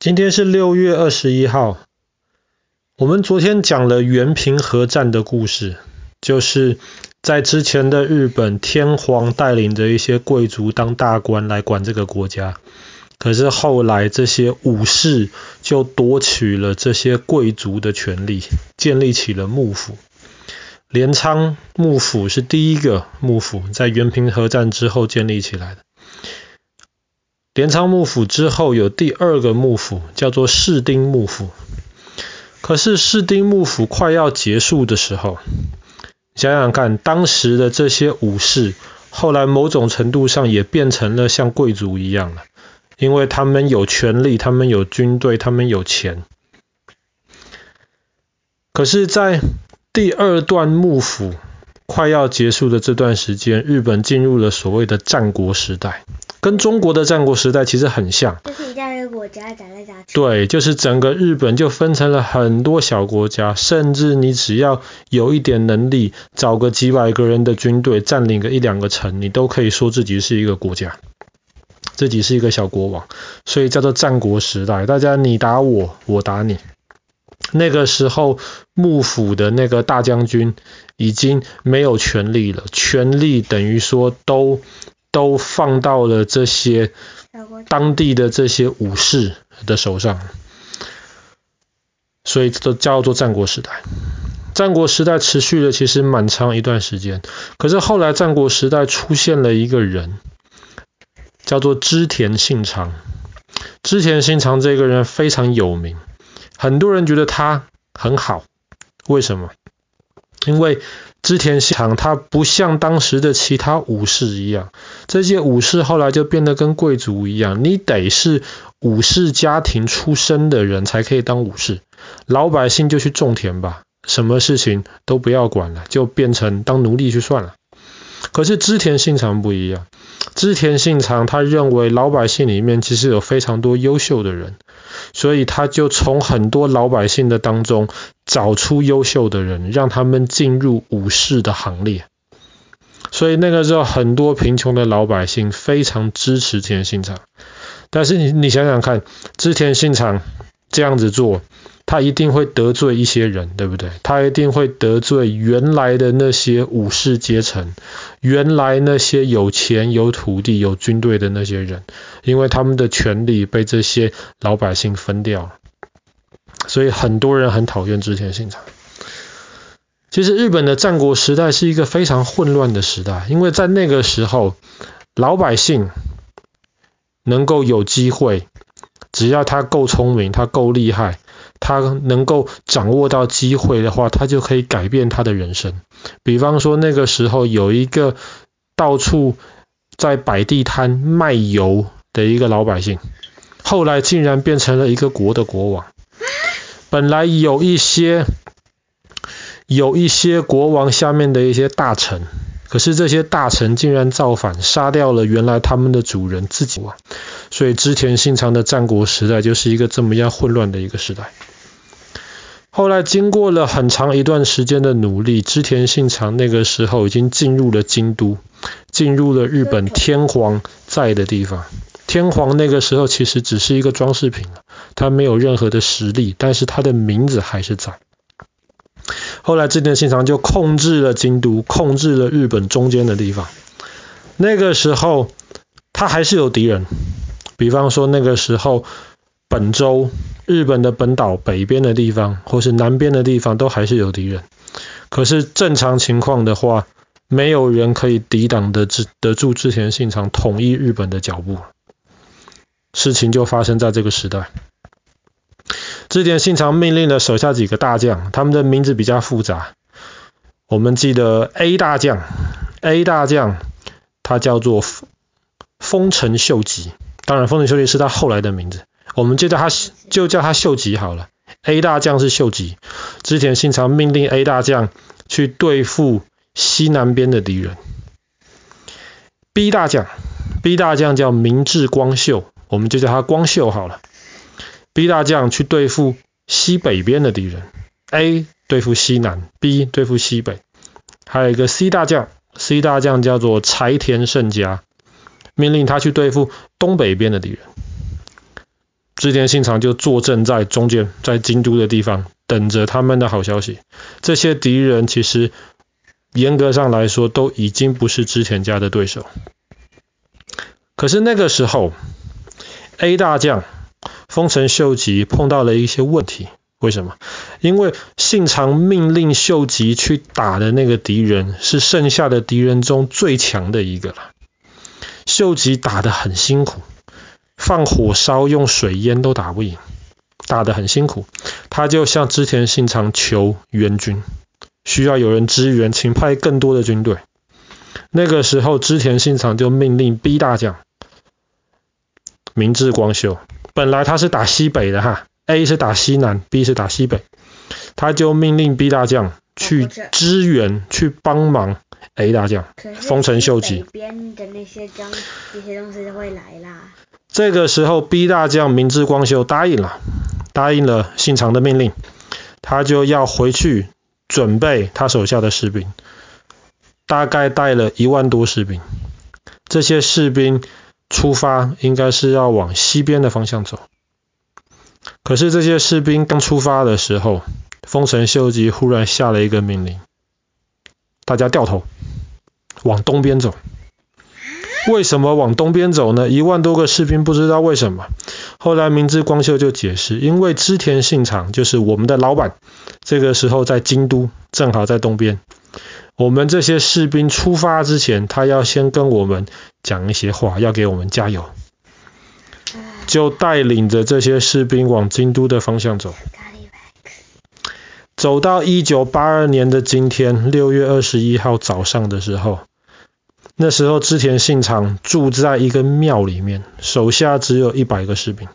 今天是六月二十一號。我們昨天講了源平合戰的故事，就是在之前的日本天皇帶領着一些貴族當大官來管這個國家，可是後來這些武士就奪取了這些貴族的權力，建立起了幕府。鐮倉幕府是第一個幕府，在源平合戰之後建立起來的。鐮倉幕府之後有第二個幕府，叫做室町幕府。可是室町幕府快要結束的時候，想想看，當時的這些武士，後來某種程度上也變成了像貴族一樣了，因為他們有權力，他們有軍隊，他們有錢。可是，在第二段幕府快要結束的這段時間，日本進入了所謂的戰國時代。跟中國的戰國時代其實很像，就是一個國家打另一個國家。對，就是整個日本就分成了很多小國家，甚至你只要有一點能力，找個幾百個人的軍隊，佔領個一兩個城，你都可以說自己是一個國家，自己是一個小國王，所以叫做戰國時代。大家你打我，我打你。那個時候幕府的那個大將軍已經沒有權力了，權力等於說都。都放到了這些當地的這些武士的手上，所以這都叫做戰國時代。戰國時代持續了其實蠻長一段時間，可是後來戰國時代出現了一個人，叫做織田信長。織田信長這個人非常有名，很多人覺得他很好，為什麼？因為織田信長他不像當時的其他武士一樣，這些武士後來就變得跟貴族一樣，你得是武士家庭出身的人才可以當武士，老百姓就去種田吧，什麼事情都不要管了，就變成當奴隸去算了。可是織田信長不一樣，織田信長他認為老百姓裡面其實有非常多優秀的人，所以他就從很多老百姓的當中找出優秀的人，讓他們進入武士的行列。所以那個時候很多貧窮的老百姓非常支持田信長。但是你你想想看，織田信長這樣子做。他一定會得罪一些人，對不對？他一定會得罪原來的那些武士階層，原來那些有錢、有土地、有軍隊的那些人，因為他們的權利被這些老百姓分掉了，所以很多人很討厭織田信長。其實日本的戰國時代是一個非常混亂的時代，因為在那個時候，老百姓能夠有機會，只要他夠聰明，他夠厲害。他能夠掌握到機會的話，他就可以改變他的人生。比方說，那個時候有一個到處在擺地攤賣油的一個老百姓，後來竟然變成了一個國的國王。本來有一些有一些國王下面的一些大臣，可是這些大臣竟然造反，殺掉了原來他們的主人自己。所以，織田信長的戰國時代就是一個這麼樣混亂的一個時代。後來經過了很長一段時間的努力，織田信長那個時候已經進入了京都，進入了日本天皇在的地方。天皇那個時候其實只是一個裝飾品，他沒有任何的實力，但是他的名字還是在。後來織田信長就控制了京都，控制了日本中間的地方。那個時候他還是有敵人，比方說那個時候本州。日本的本島北邊的地方，或是南邊的地方，都還是有敵人。可是正常情況的話，沒有人可以抵擋住得，得住之前的信長統一日本的腳步。事情就發生在這個時代。之前信長命令了手下幾個大將，他們的名字比較複雜。我們記得 A 大將，A 大將他叫做豐豐臣秀吉，當然豐臣秀吉是他後來的名字。我們就叫他，就叫他秀吉好了。A 大將是秀吉，織田信長命令 A 大將去對付西南邊的敵人。B 大將，B 大將叫明智光秀，我們就叫他光秀好了。B 大將去對付西北邊的敵人。A 對付西南，B 對付西北，還有一個 C 大將，C 大將叫做柴田勝家，命令他去對付東北邊的敵人。織田信長就坐鎮在中間，在京都的地方等着他們的好消息。這些敵人其實嚴格上來說都已經不是織田家的對手，可是那個時候，A 大將豐臣秀吉碰到了一些問題。為什麼？因為信長命令秀吉去打的那個敵人是剩下的敵人中最強的一個了，秀吉打得很辛苦。放火燒，用水淹都打不贏，打得很辛苦。他就向織田信長求援軍，需要有人支援，請派更多的軍隊。那個時候，織田信長就命令 B 大將明智光秀，本來他是打西北的哈，A 是打西南，B 是打西北，他就命令 B 大將去支援，啊、去幫忙 A 大將。豐臣秀吉北邊的那些些東西就會來啦。這個時候，B 大將明智光秀答應了，答應了信長的命令，他就要回去準備他手下的士兵，大概帶了一萬多士兵。這些士兵出發，應該是要往西邊的方向走。可是這些士兵剛出發的時候，豐臣秀吉忽然下了一個命令，大家掉頭往東邊走。為什麼往東邊走呢？一萬多個士兵不知道為什麼。後來明智光秀就解釋，因為織田信長就是我們的老板，這個時候在京都，正好在東邊。我們這些士兵出發之前，他要先跟我們講一些話，要給我們加油，就帶領着這些士兵往京都的方向走。走到1982年的今天，6月21號早上的時候。那時候，織田信長住在一個廟裡面，手下只有一百個士兵，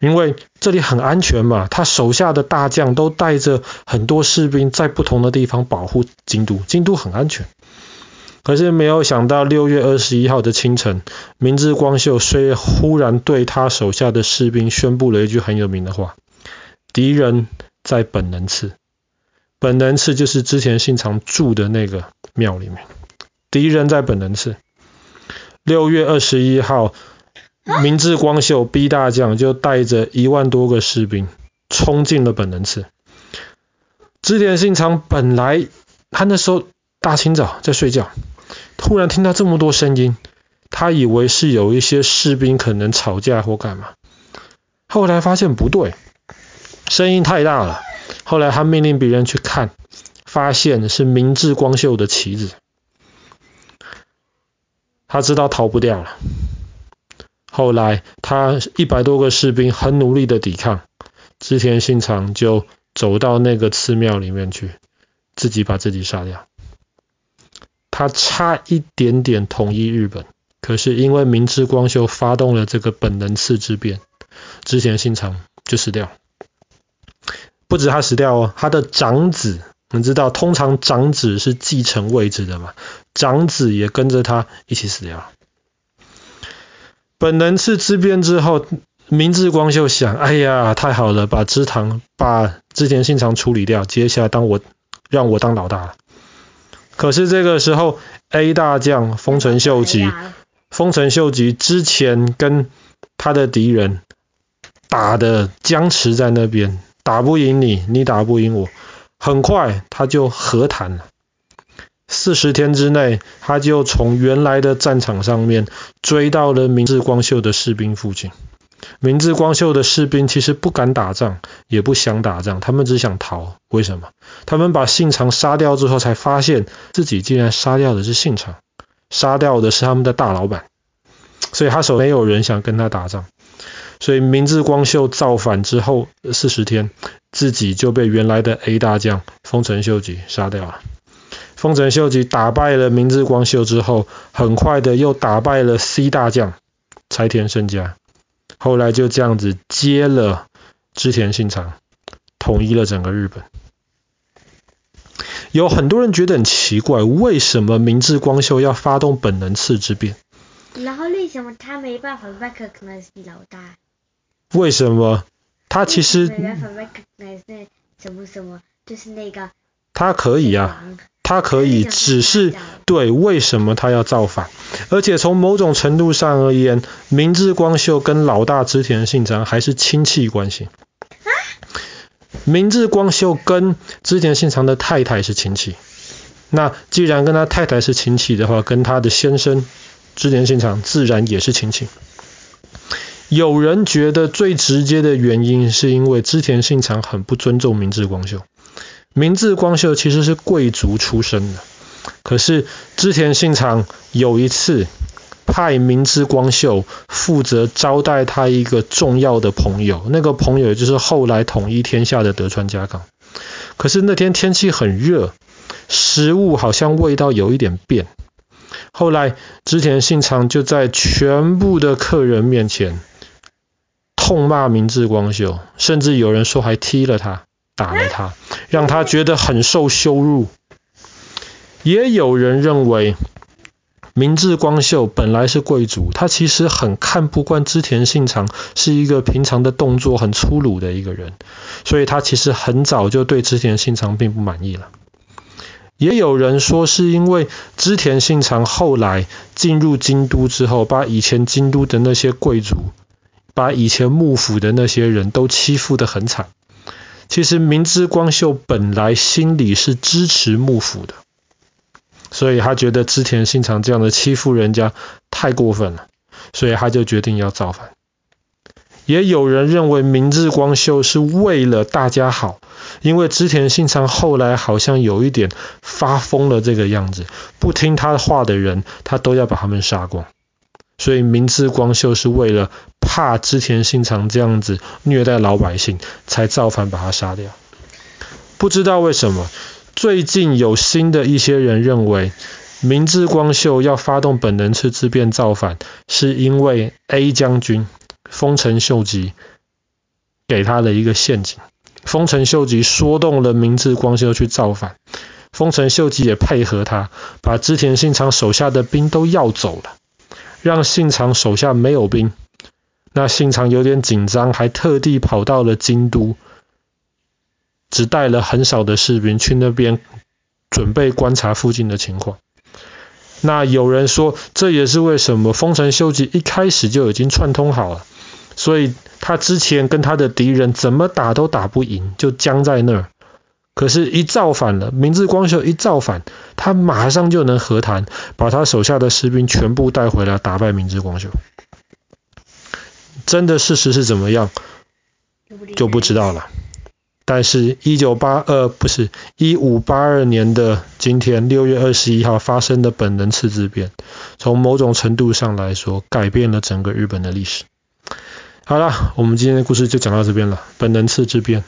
因為這裡很安全嘛。他手下的大將都帶着很多士兵在不同的地方保護京都，京都很安全。可是沒有想到，六月二十一號的清晨，明智光秀雖然忽然對他手下的士兵宣布了一句很有名的話：“敵人在本能寺。”本能寺就是之前信長住的那個廟裡面。敵人在本能寺。六月二十一號，明智光秀逼大將就帶着一萬多個士兵衝進了本能寺。織田信長本來他那時候大清早在睡覺，突然聽到這麼多聲音，他以為是有一些士兵可能吵架或幹嘛。後來發現不對，聲音太大了。後來他命令別人去看，發現是明智光秀的旗子。他知道逃不掉了，後來他一百多個士兵很努力的抵抗，織田信長就走到那個寺廟裡面去，自己把自己殺掉。他差一點點統一日本，可是因為明智光秀發動了這個本能寺之變，織田信長就死掉。不止他死掉哦，他的長子。我們知道，通常長子是繼承位置的嘛。長子也跟着他一起死掉了。本能寺之變之後，明智光秀想：哎呀，太好了，把織田，把織田信長處理掉，接下來當我讓我當老大了。可是這個時候，A 大將豐臣秀吉，豐臣、哎、呀秀吉之前跟他的敵人打的僵持在那邊，打不贏你，你打不贏我。很快他就和談了。四十天之內，他就從原來的戰場上面追到了明智光秀的士兵附近。明智光秀的士兵其實不敢打仗，也不想打仗，他們只想逃。為什麼？他們把信長殺掉之後，才發現自己竟然殺掉的是信長，殺掉的是他們的大老板，所以，他手裡沒有人想跟他打仗。所以，明智光秀造反之後四十天。自己就被原來的 A 大將豐臣秀吉殺掉了。豐臣秀吉打敗了明智光秀之後，很快的又打敗了 C 大將柴田勝家，後來就這樣子接了織田信長，統一了整個日本。有很多人覺得很奇怪，為什麼明智光秀要發動本能寺之變？然後為什麼他沒辦法拜克隆西老大？為什麼？他其實，他可以啊，他可以，只是對，為什麼他要造反？而且從某種程度上而言，明智光秀跟老大織田信長還是親戚關係。明智光秀跟織田信長的太太是親戚，那既然跟他太太是親戚的話，跟他的先生織田信長自然也是親戚。有人覺得最直接的原因是因為織田信長很不尊重明智光秀。明智光秀其實是貴族出身的，可是織田信長有一次派明智光秀負責招待他一個重要的朋友，那個朋友就是後來統一天下的德川家康。可是那天天氣很熱，食物好像味道有一點變。後來織田信長就在全部的客人面前痛罵明智光秀，甚至有人說還踢了他，打了他，讓他覺得很受羞辱。也有人認為，明智光秀本來是貴族，他其實很看不慣織田信長是一個平常的動作很粗魯的一個人，所以他其實很早就對織田信長並不滿意了。也有人說是因為織田信長後來進入京都之後，把以前京都的那些貴族。把以前幕府的那些人都欺負得很慘。其實明智光秀本來心裡是支持幕府的，所以他覺得織田信長這樣的欺負人家太過分了，所以他就決定要造反。也有人認為明智光秀是為了大家好，因為織田信長後來好像有一點發瘋了，這個樣子不聽他話的人，他都要把他們殺光。所以明智光秀是為了怕織田信長這樣子虐待老百姓，才造反把他殺掉。不知道為什麼，最近有新的一些人認為，明智光秀要發動本能寺之變造反，是因為 A 將軍豐臣秀吉給他的一個陷阱。豐臣秀吉說動了明智光秀去造反，豐臣秀吉也配合他，把織田信長手下的兵都要走了。讓信長手下沒有兵，那信長有點緊張，還特地跑到了京都，只帶了很少的士兵去那邊準備觀察附近的情況。那有人說，這也是為什麼豐臣秀吉一開始就已經串通好了，所以他之前跟他的敵人怎麼打都打不贏，就僵在那兒。可是，一造反了，明智光秀一造反，他馬上就能和談，把他手下的士兵全部帶回來，打敗明智光秀。真的事實是怎麼樣，就不知道了。但是82，呃，一九八二，不是，一五八二年的今天六月二十一號發生的本能寺之變，從某種程度上來說，改變了整個日本的歷史。好了，我們今天的故事就講到這邊了，本能寺之變。